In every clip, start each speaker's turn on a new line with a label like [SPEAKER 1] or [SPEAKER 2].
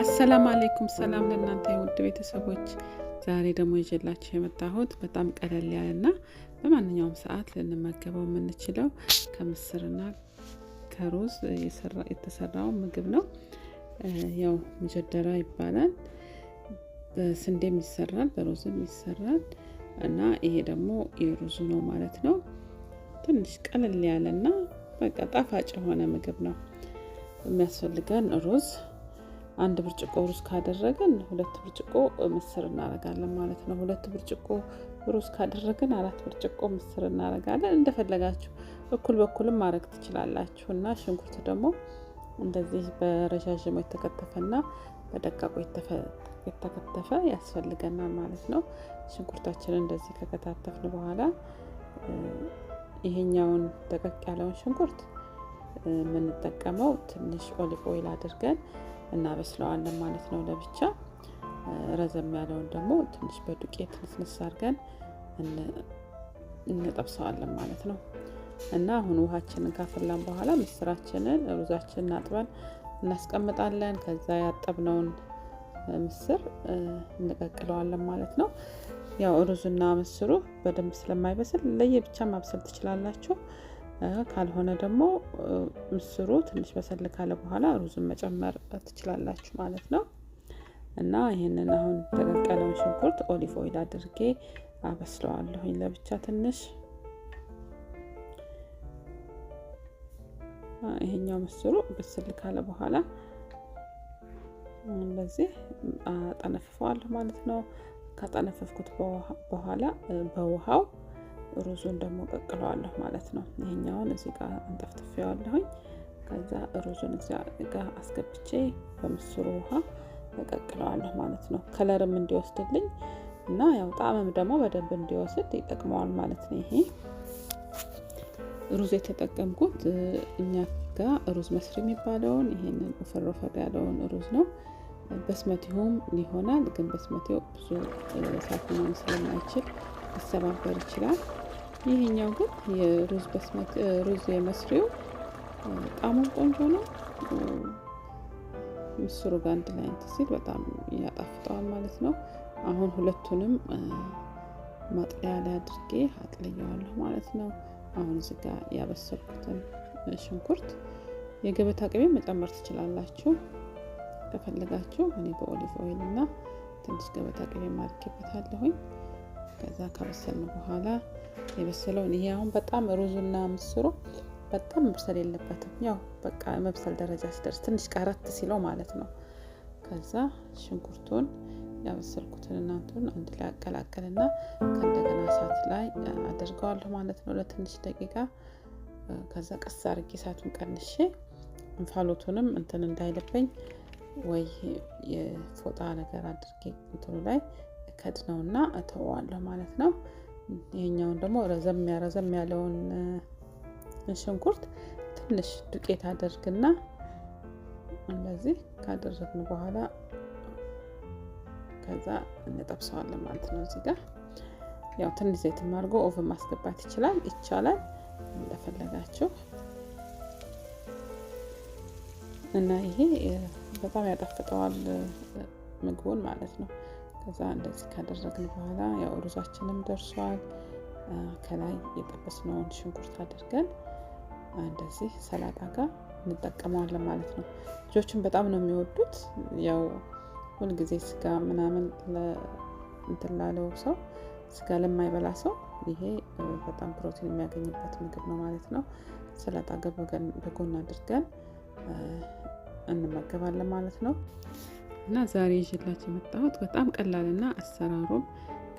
[SPEAKER 1] አሰላም አሌይኩም ሰላም ለእናንተ የውድ ቤተሰቦች፣ ዛሬ ደግሞ ይዤላችሁ የመጣሁት በጣም ቀለል ያለና በማንኛውም ሰዓት ልንመገበው የምንችለው ከምስርና ከሩዝ የተሰራው ምግብ ነው። ያው ምጀደራ ይባላል። በስንዴም ይሰራል፣ በሩዝም ይሰራል እና ይሄ ደግሞ የሩዙ ነው ማለት ነው። ትንሽ ቀለል ያለና በቃ ጣፋጭ የሆነ ምግብ ነው። የሚያስፈልገን ሩዝ አንድ ብርጭቆ ሩዝ ካደረግን ሁለት ብርጭቆ ምስር እናደርጋለን ማለት ነው። ሁለት ብርጭቆ ሩዝ ካደረግን አራት ብርጭቆ ምስር እናደርጋለን። እንደፈለጋችሁ እኩል በኩልም ማድረግ ትችላላችሁ እና ሽንኩርት ደግሞ እንደዚህ በረዣዥሙ የተከተፈና በደቃቁ የተከተፈ ያስፈልገናል ማለት ነው። ሽንኩርታችንን እንደዚህ ከከታተፍን በኋላ ይሄኛውን ደቀቅ ያለውን ሽንኩርት የምንጠቀመው ትንሽ ኦሊቭ ኦይል አድርገን እናበስለዋለን ማለት ነው ለብቻ። ረዘም ያለውን ደግሞ ትንሽ በዱቄት ንስንስ አድርገን እንጠብሰዋለን ማለት ነው። እና አሁን ውሃችንን ካፈላን በኋላ ምስራችንን ሩዛችንን አጥበን እናስቀምጣለን። ከዛ ያጠብነውን ምስር እንቀቅለዋለን ማለት ነው። ያው ሩዝና ምስሩ በደንብ ስለማይበስል ለየብቻ ማብሰል ትችላላችሁ። ካልሆነ ደግሞ ምስሩ ትንሽ በሰል ካለ በኋላ ሩዝን መጨመር ትችላላችሁ ማለት ነው። እና ይህንን አሁን የተቀቀለውን ሽንኩርት ኦሊቭ ኦይል አድርጌ አበስለዋለሁኝ ለብቻ ትንሽ። ይሄኛው ምስሩ ብስል ካለ በኋላ እንደዚህ አጠነፍፈዋለሁ ማለት ነው። ካጠነፈፍኩት በኋላ በውሃው ሩዙን ደግሞ ቀቅለዋለሁ ማለት ነው። ይሄኛውን እዚህ ጋር እንጠፍጥፌዋለሁኝ። ከዛ ሩዙን እዚያ ጋር አስገብቼ በምስሩ ውሃ እቀቅለዋለሁ ማለት ነው። ከለርም እንዲወስድልኝ እና ያው ጣዕምም ደግሞ በደንብ እንዲወስድ ይጠቅመዋል ማለት ነው። ይሄ ሩዝ የተጠቀምኩት እኛ ጋ ሩዝ መስሪ የሚባለውን ይሄንን ወፈር ወፈር ያለውን ሩዝ ነው። በስመቲውም ይሆናል ግን በስመቲው ብዙ ሳትሆን ስለማይችል ሊሰባበር ይችላል። ይሄኛው ግን የሩዝ በስመት ሩዝ የመስሪው በጣም ቆንጆ ነው። ምስሩ ጋር አንድ ላይ እንትን ሲል በጣም ያጣፍጠዋል ማለት ነው። አሁን ሁለቱንም ማጥለያ ላይ አድርጌ አጥልየዋለሁ ማለት ነው። አሁን እዚህ ጋር ያበሰልኩትን ሽንኩርት የገበታ ቅቤ መጨመር ትችላላችሁ ከፈለጋችሁ። እኔ በኦሊቭ ኦይል እና ትንሽ ገበታ ቅቤ ማድርጌበታለሁኝ። ከዛ ከበሰልን በኋላ የበሰለውን ይሄ አሁን በጣም ሩዙና ምስሩ በጣም መብሰል የለበትም። ያው በቃ መብሰል ደረጃ ሲደርስ ትንሽ ቀረት ሲለው ማለት ነው። ከዛ ሽንኩርቱን ያበሰልኩትን እናንቱን አንድ ላይ አቀላቀልና ከእንደገና እሳት ላይ አደርገዋለሁ ማለት ነው ለትንሽ ደቂቃ። ከዛ ቀስ አርጌ እሳቱን ቀንሼ እንፋሎቱንም እንትን እንዳይልብኝ ወይ የፎጣ ነገር አድርጌ እንትኑ ላይ ከድነውና እተዋለሁ ማለት ነው። ይሄኛውን ደግሞ ረዘም ረዘም ያለውን ሽንኩርት ትንሽ ዱቄት አደርግና እንደዚህ ካደረግን በኋላ ከዛ እንጠብሰዋለን ማለት ነው። እዚህ ጋር ያው ትንሽ ዘይትም አድርጎ ኦቨን ማስገባት ይችላል ይቻላል እንደፈለጋችሁ እና ይሄ በጣም ያጣፍጠዋል ምግቡን ማለት ነው። ከዛ እንደዚህ ካደረግን በኋላ ያው ሩዛችንም ደርሷል። ከላይ የጠበስነውን ሽንኩርት አድርገን እንደዚህ ሰላጣ ጋር እንጠቀመዋለን ማለት ነው። ልጆችን በጣም ነው የሚወዱት። ያው ሁልጊዜ ስጋ ምናምን እንትን ላለው ሰው ስጋ ለማይበላ ሰው ይሄ በጣም ፕሮቲን የሚያገኝበት ምግብ ነው ማለት ነው። ሰላጣ ጋር በጎን አድርገን እንመገባለን ማለት ነው። እና ዛሬ ይዤላችሁ የመጣሁት በጣም ቀላልና አሰራሩም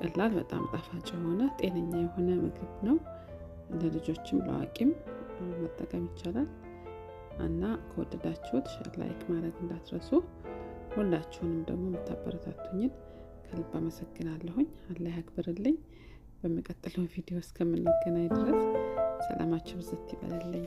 [SPEAKER 1] ቀላል በጣም ጣፋጭ የሆነ ጤነኛ የሆነ ምግብ ነው። ለልጆችም ለአዋቂም መጠቀም ይቻላል እና ከወደዳችሁት ሸር ላይክ ማድረግ እንዳትረሱ። ሁላችሁንም ደግሞ የምታበረታቱኝን ከልብ አመሰግናለሁኝ። አላህ ያክብርልኝ። በሚቀጥለው ቪዲዮ እስከምንገናኝ ድረስ ሰላማችሁ ብዝት ይበልልኝ።